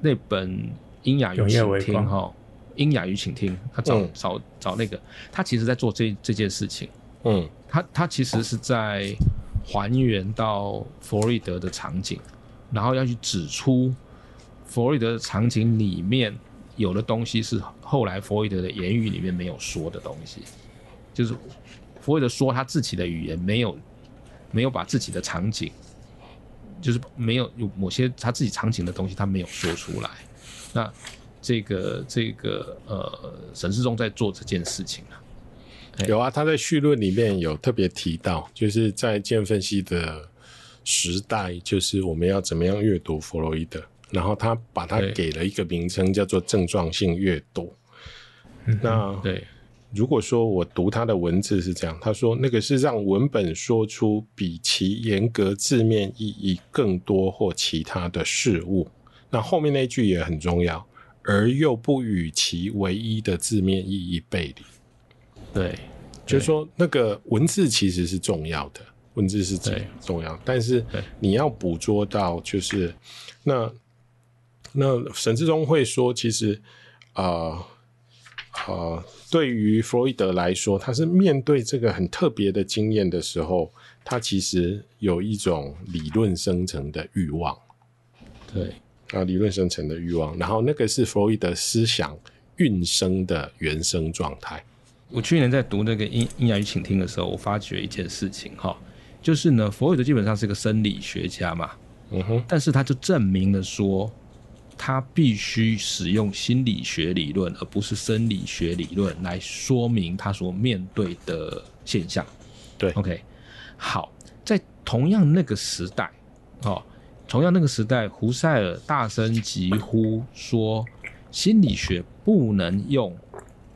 那本。英雅於請聽，哈，英、哦、雅於請聽。他找、嗯、找找那個，他其實在做這這件事情。嗯，嗯他他其實是在還原到佛洛伊德的場景，然後要去指出佛洛伊德的場景裡面有的東西是後來佛洛伊德的言語裡面沒有說的東西，就是佛洛伊德說他自己的語言沒有沒有把自己的場景，就是沒有有某些他自己場景的東西，他沒有說出來。那這個這個呃，沈世忠在做這件事情啊？哎、有啊，他在序論裡面有特別提到，就是在建分析的時代，就是我們要怎麼樣閱讀佛洛伊德，然後他把它給了一個名稱，叫做症狀性閱讀。那對，那如果說我讀他的文字是這樣，他說那個是讓文本說出比其嚴格字面意義更多或其他的事物。那後面那句也很重要，而又不與其唯一的字面意義背離。對，對就是說，那個文字其實是重要的，文字是重要，對但是你要捕捉到，就是對那那沈志中會說，其實啊啊、呃呃，對於弗洛伊德來說，他是面對這個很特別的經驗的時候，他其實有一種理論生成的慾望。對。啊，理論生成的欲望，然後那個是弗洛伊德思想孕生的原生狀態。我去年在讀那個《英英雅語傾聽》的時候，我發覺一件事情哈、哦，就是呢，弗洛伊德基本上是個生理學家嘛，嗯哼，但是他就證明了說，他必須使用心理學理論，而不是生理學理論來說明他所面對的現象。對，OK，好，在同樣那個時代，哦同樣，那個時代，胡塞爾大聲疾呼說：“心理學不能用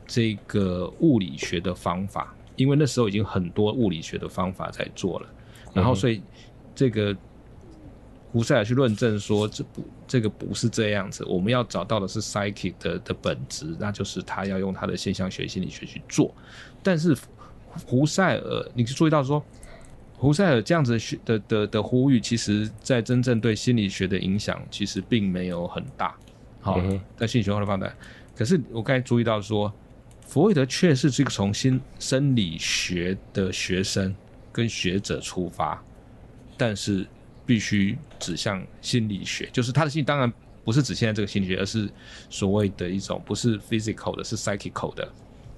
這個物理學的方法，因為那時候已經很多物理學的方法在做了。”然後，所以這個胡塞爾去論證說：“這不，這個不是這樣子。我們要找到的是 psychic 的的本質，那就是他要用他的現象學心理學去做。”但是，胡塞爾，你就注意到說，胡塞爾這樣子的的的呼籲，其實在真正對心理學的影響其實並沒有很大。好，嗯哼，在心理學後來發展，可是我剛才注意到說，弗洛伊德確實是一個從心生理學的學生跟學者出發，但是必須指向心理學，就是他的心理當然不是指現在這個心理學，而是所謂的一種不是 physical 的是 psychical 的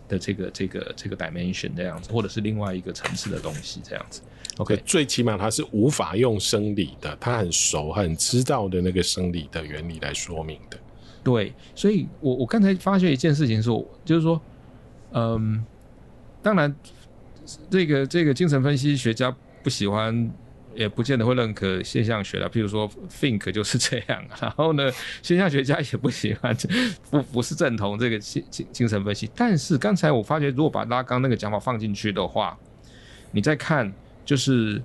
的這個這個這個 dimension 這樣子，或者是另外一個層次的東西這樣子。OK，最起碼他是無法用生理的，他很熟、很知道的那個生理的原理來說明的。對，所以我我剛才發覺一件事情是，就是說，嗯，當然，這個這個精神分析學家不喜歡，也不見得會認可現象學的，譬如說 Fink 就是這樣。然後呢，現象學家也不喜歡，不不是正統這個精精精神分析。但是剛才我發覺，如果把拉岡那個講法放進去的話，你再看。就是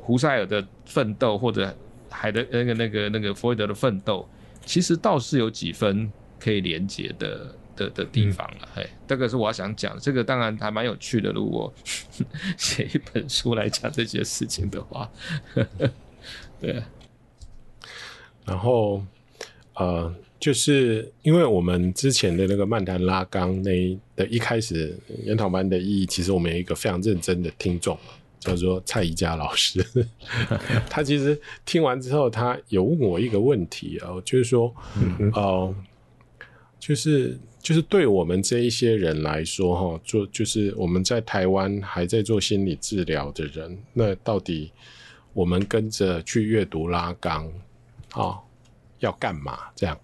胡塞爾的奮鬥，或者海德那個、那個、那個弗洛伊德的奮鬥，其實倒是有幾分可以連接的的的地方了、啊。嗯、嘿，這個是我要想講，這個當然還蠻有趣的。如果寫 一本書來講這些事情的話， 對、啊。然後。呃，就是因為我們之前的那個漫談拉岡，那一的一開始研討班的意義，其實我們有一個非常認真的聽眾，叫做蔡宜佳老師。 他其實聽完之後，他有問我一個問題，就是說，哦、呃，就是就是對我們這一些人來說、哦就，就是我們在台灣還在做心理治療的人，那到底我們跟着去閱讀拉岡，啊、哦？要幹嘛？這樣，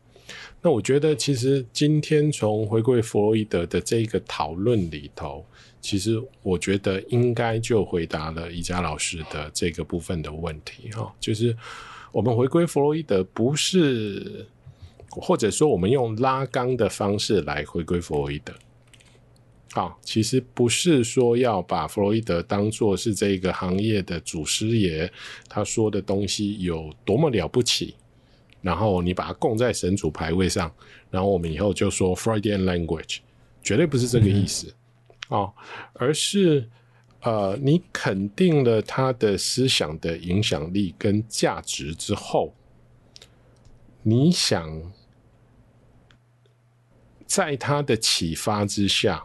那我覺得其實今天從回歸佛洛伊德的這個討論裡頭，其實我覺得應該就回答了宜家老師的這個部分的問題哈、哦。就是我們回歸佛洛伊德，不是，或者說我們用拉岡的方式來回歸佛洛伊德。好、哦，其實不是說要把佛洛伊德當作是這個行業的祖師爺，他說的東西有多麼了不起。然後你把他供在神主牌位上，然後我們以後就說 Freudian language 絕對不是這個意思、嗯、哦，而是呃，你肯定了他的思想的影響力跟價值之後，你想在他的啟發之下，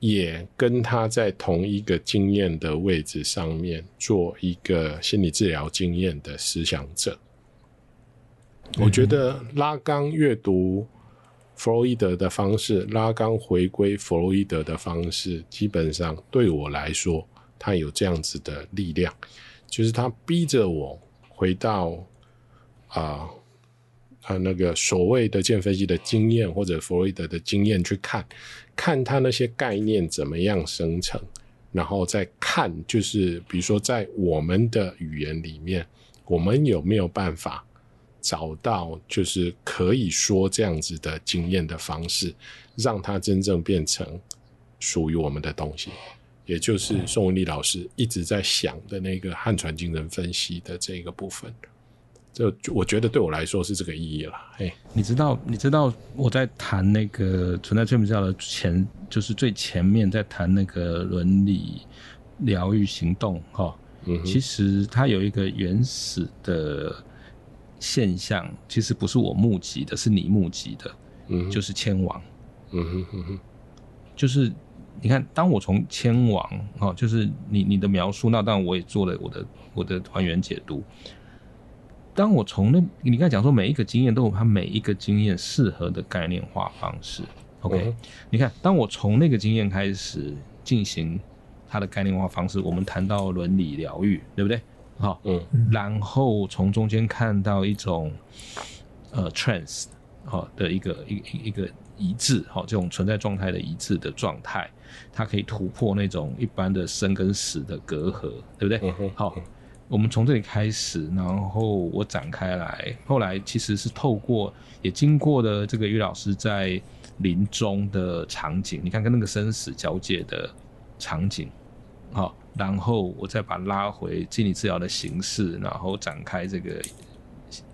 也跟他在同一個經驗的位置上面做一個心理治療經驗的思想者。我覺得拉岡閱讀弗洛伊德的方式，拉岡回歸弗洛伊德的方式，基本上對我來說，它有這樣子的力量，就是它逼着我回到啊，啊、呃、那個所謂的精神分析的經驗或者弗洛伊德的經驗，去看看他那些概念怎麼樣生成，然後再看，就是比如說在我們的語言裡面，我們有沒有辦法。找到就是可以說這樣子的經驗的方式，讓它真正變成屬於我們的東西，也就是宋文麗老師一直在想的那個漢傳精神分析的這個部分。這我覺得對我來說是這個意義了。嘿，你知道，你知道我在談那個存在催眠治療的前，就是最前面在談那個倫理療癒行動哈。哦、嗯哼，其實它有一個原始的。現象其實不是我目擊的，是你目擊的，嗯哼，就是遷往嗯哼，嗯哼哼，就是你看，當我從遷往，哦，就是你你的描述，那當然我也做了我的我的還原解讀。當我從那，你剛才講說每一個經驗都有它每一個經驗適合的概念化方式、嗯、哼，OK？你看，當我從那個經驗開始進行它的概念化方式，我們談到倫理療癒，對不對？好，嗯，然後從中間看到一種，呃，trance 好、哦、的一個一一個一致，好、哦、這種存在狀態的一致的狀態，它可以突破那種一般的生跟死的隔閡，對不對？嗯、好，嗯、我們從這裡開始，然後我展開來，後來其實是透過也經過了這個於老師在臨終的場景，你看跟那個生死交界的場景。好、哦，然後我再把它拉回心理治療的形式，然後展開這個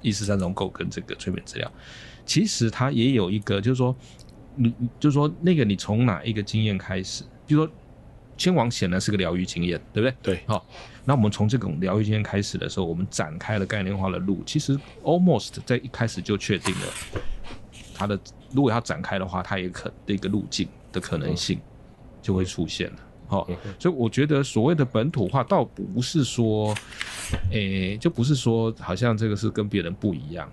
意識三種構跟這個催眠治療。其實它也有一個，就是說，你就是說那個你從哪一個經驗開始？就說千王顯然是個療癒經驗，對不對？對。好、哦，那我們從這種療癒經驗開始的時候，我們展開了概念化的路。其實 almost 在一開始就確定了它的，如果要展開的話，它也可這個路徑的可能性就會出現了。嗯嗯好，哦、 所以我覺得所謂的本土化，倒不是說，誒、欸，就不是說好像這個是跟別人不一樣，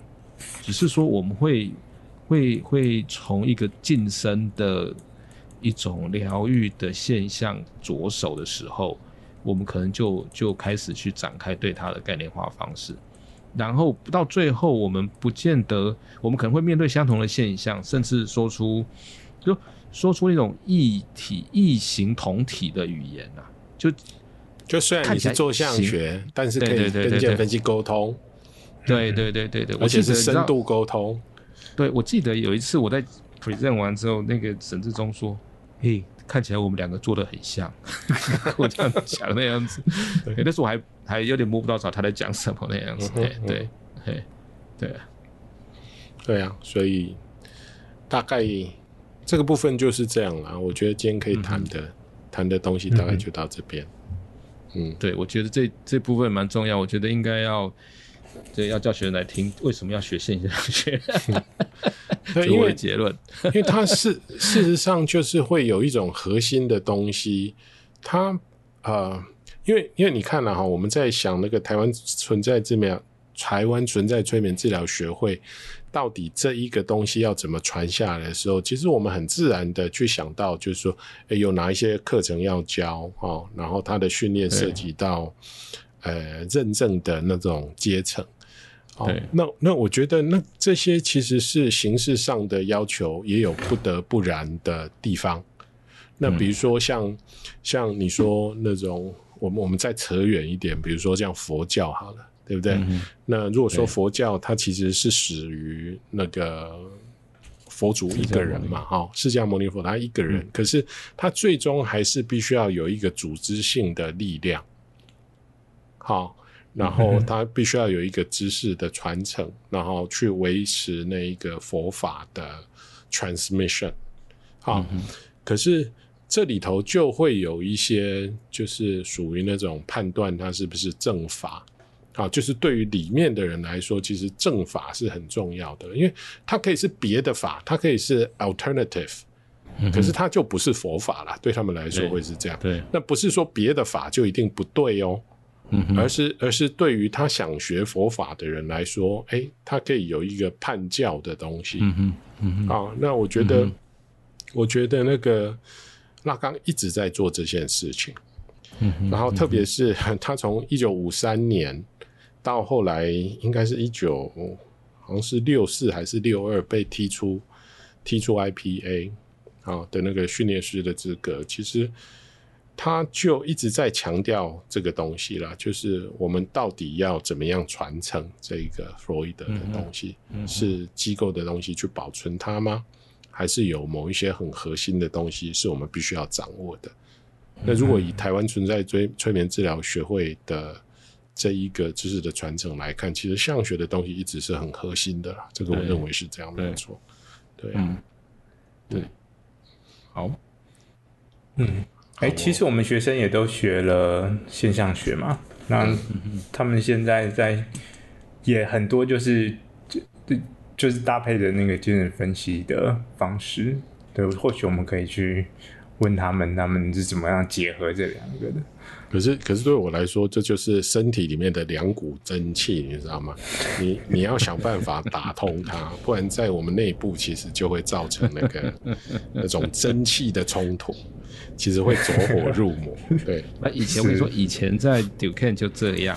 只是說我們會會會從一個近身的一種療癒的現象着手的時候，我們可能就就開始去展開對它的概念化方式，然後不到最後，我們不見得，我們可能會面對相同的現象，甚至說出就。說出那種異體異形同體的語言吶，就就雖然你是做象學，但是可以跟別人去溝通，對對對對對，而且是深度溝通。對，我記得有一次我在 present 完之後，那個沈志忠說：“嘿，看起來我們兩個做得很像。”我這樣講的那樣子，但是我還還有點摸不到他在講什麼那樣子。對，對，對，對啊，所以大概。這個部分就是這樣啦，啊，我覺得今天可以談的、嗯、談的東西大概就到這邊。嗯，嗯對，我覺得這這部分蠻重要，我覺得應該要，對，要叫學生來聽，為什麼要學現象學？作 為 結論，因為， 因為它是事實上就是會有一種核心的東西， 它啊、呃，因為因為你看了、啊、哈，我們在想那個台灣存在怎麼樣。台灣存在催眠治療學會，到底這一個東西要怎麼傳下來的時候，其實我們很自然的去想到，就是說，哎、欸，有哪一些課程要教哦，然後他的訓練涉及到對呃認證的那種階層，哦，對那那我覺得那這些其實是形式上的要求，也有不得不然的地方。那比如說像、嗯、像你說那種，我們我們再扯遠一點，比如說像佛教好了。對不對？嗯、哼那如果說佛教，對它其實是始於那個佛祖一個人嘛，哈、哦，釋迦牟尼佛他一個人，嗯、哼可是他最終還是必須要有一個組織性的力量，好、哦，然後他必須要有一個知識的傳承，嗯、哼然後去維持那一個佛法的 transmission，好、哦，嗯、哼可是這裡頭就會有一些，就是屬於那種判斷他是不是正法，啊，就是對於裡面的人來說，其實正法是很重要的，因為它可以是別的法，它可以是 alternative，嗯、哼可是它就不是佛法了。對他們來說會是這樣。對，對那不是說別的法就一定不對哦、喔嗯哼，而是而是對於他想學佛法的人來說，誒、欸，他可以有一個判教的東西。嗯哼，嗯哼，啊，那我覺得，嗯、哼我覺得那個拉岡一直在做這件事情。嗯哼，然後特別是他從一九五三年。到後來，應該是一九，好像是六四還是六二，被踢出踢出 IPA 啊的那個訓練師的資格。其實，他就一直在強調這個東西啦，就是我們到底要怎麼樣傳承這一個弗洛伊德的東西？嗯嗯、是機構的東西去保存它嗎？還是有某一些很核心的東西是我們必須要掌握的？嗯、哼那如果以台灣存在催催眠治療學會的。這一個知識的傳承來看，其實現象學的東西一直是很核心的，對這個我認為是這樣對沒錯。對，嗯，對，嗯、好，嗯、欸，哎好，其實我們學生也都學了現象學嘛，嗯、那他們現在在也很多就是就就就是搭配的那個精神分析的方式，對，或許我們可以去問他們，他們是怎麼樣結合這兩個的。可是，可是對我來說，這就是身體裡面的兩股真氣，你知道嗎？你你要想辦法打通它， 不然在我們內部其實就會造成那個 那種真氣的衝突，其實會走火入魔。 對，那、啊、以前我跟你說，以前在 Duquesne 就這樣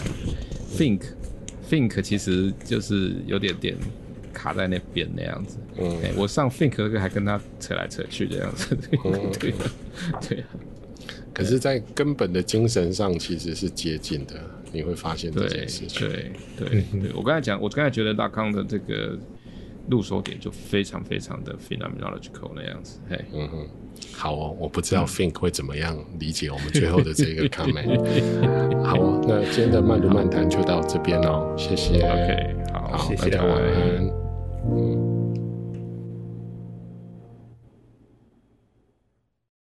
，Fink 是 Fink 其實就是有點點卡在那邊那樣子。嗯、欸，我上 Fink 那個還跟他扯來扯去的樣子。對對可是，在根本的精神上，其實是接近的。你會發現這件事情。對對對， 對，我剛才講，我剛才覺得大康的這個入手點就非常非常的 phenomenological 那樣子。嘿，嗯哼，好哦，我不知道 Fink、嗯、會怎麼樣理解我們最後的這個 comment。 好哦，那今天的慢讀漫談就到這邊哦， 謝謝。OK，好，謝謝大家，晚安。謝謝嗯